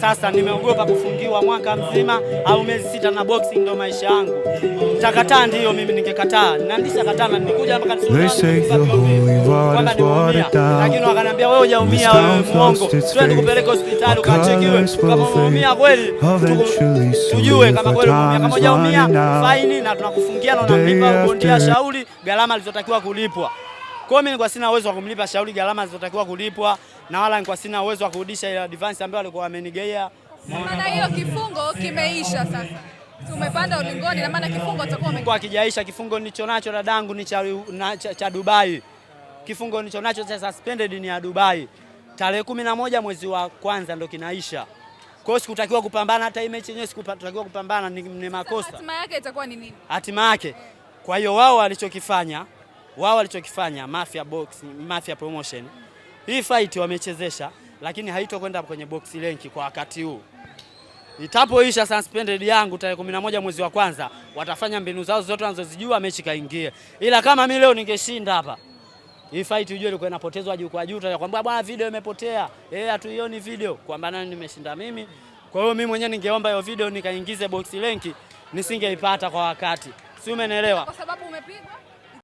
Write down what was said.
Sasa nimeogopa kufungiwa mwaka mzima au miezi sita, na boxing ndo maisha yangu. Nitakataa ndiyo, mimi ningekataa, nandisha kataa na nimekuja mpaka lakini wakaniambia wewe hujaumia, wewe mwongo, twende kupeleka hospitali ukachekiwe, kama umeumia kweli tujue kama kweli umeumia. Kama hujaumia faini na tunakufungia na unamlipa bondia shauri gharama alizotakiwa kulipwa. Kwa hiyo mimi nilikuwa sina uwezo wa kumlipa Shauri gharama zilizotakiwa kulipwa na wala nilikuwa sina uwezo wa kurudisha ile advance ambayo alikuwa amenigeia. Maana hiyo kifungo kimeisha sasa. Tumepanda ulingoni na maana kifungo atakuwa umekuwa akijaisha kifungo nilicho nacho dadangu ni cha, na, cha, cha Dubai. Kifungo nilicho nacho cha suspended ni ya Dubai. Tarehe kumi na moja mwezi wa kwanza ndo kinaisha. Kwa hiyo sikutakiwa kupambana hata hii mechi yenyewe sikutakiwa kupambana ni, ni makosa. Hatima yake itakuwa ni nini? Hatima yake. Kwa hiyo wao walichokifanya wao walichokifanya Mafia Box, Mafia Promotion, hii fight wamechezesha, lakini haitokwenda kwenye box rank kwa wakati huu. Itapoisha suspended yangu tarehe 11 mwezi wa kwanza, watafanya mbinu zao zote wanazozijua, mechi kaingia. Ila kama mimi leo ningeshinda hapa hii fight ujue ilikuwa inapotezwa juu kwa juu, tutakwambia bwana, video imepotea, eh, hatuioni video, kwamba nani nimeshinda mimi. Kwa hiyo mimi mwenyewe ningeomba hiyo video nikaingize box rank, nisingeipata kwa wakati, si umeelewa? Kwa sababu umepigwa